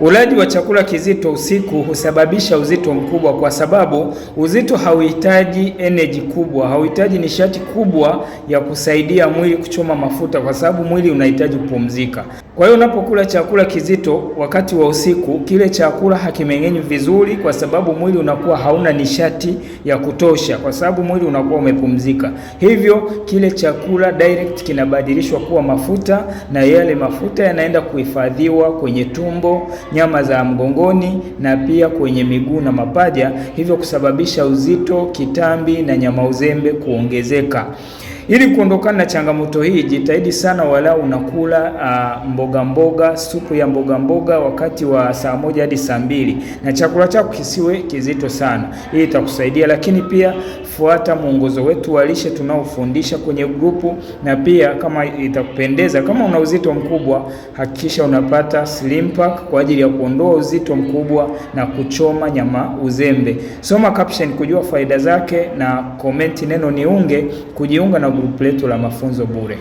Ulaji wa chakula kizito usiku husababisha uzito mkubwa, kwa sababu uzito hauhitaji energy kubwa, hauhitaji nishati kubwa ya kusaidia mwili kuchoma mafuta, kwa sababu mwili unahitaji kupumzika. Kwa hiyo unapokula chakula kizito wakati wa usiku, kile chakula hakimeng'enywi vizuri, kwa sababu mwili unakuwa hauna nishati ya kutosha, kwa sababu mwili unakuwa umepumzika. Hivyo kile chakula direct kinabadilishwa kuwa mafuta, na yale mafuta yanaenda kuhifadhiwa kwenye tumbo, nyama za mgongoni, na pia kwenye miguu na mapaja, hivyo kusababisha uzito, kitambi na nyama uzembe kuongezeka. Ili kuondokana na changamoto hii, jitahidi sana walau unakula uh, mboga mboga, supu ya mboga mboga wakati wa saa moja hadi saa mbili, na chakula chako kisiwe kizito sana. Hii itakusaidia, lakini pia kufuata mwongozo wetu wa lishe tunaofundisha kwenye grupu, na pia kama itakupendeza, kama una uzito mkubwa, hakikisha unapata slim pack kwa ajili ya kuondoa uzito mkubwa na kuchoma nyama uzembe. Soma caption kujua faida zake na komenti neno niunge kujiunga na grupu letu la mafunzo bure.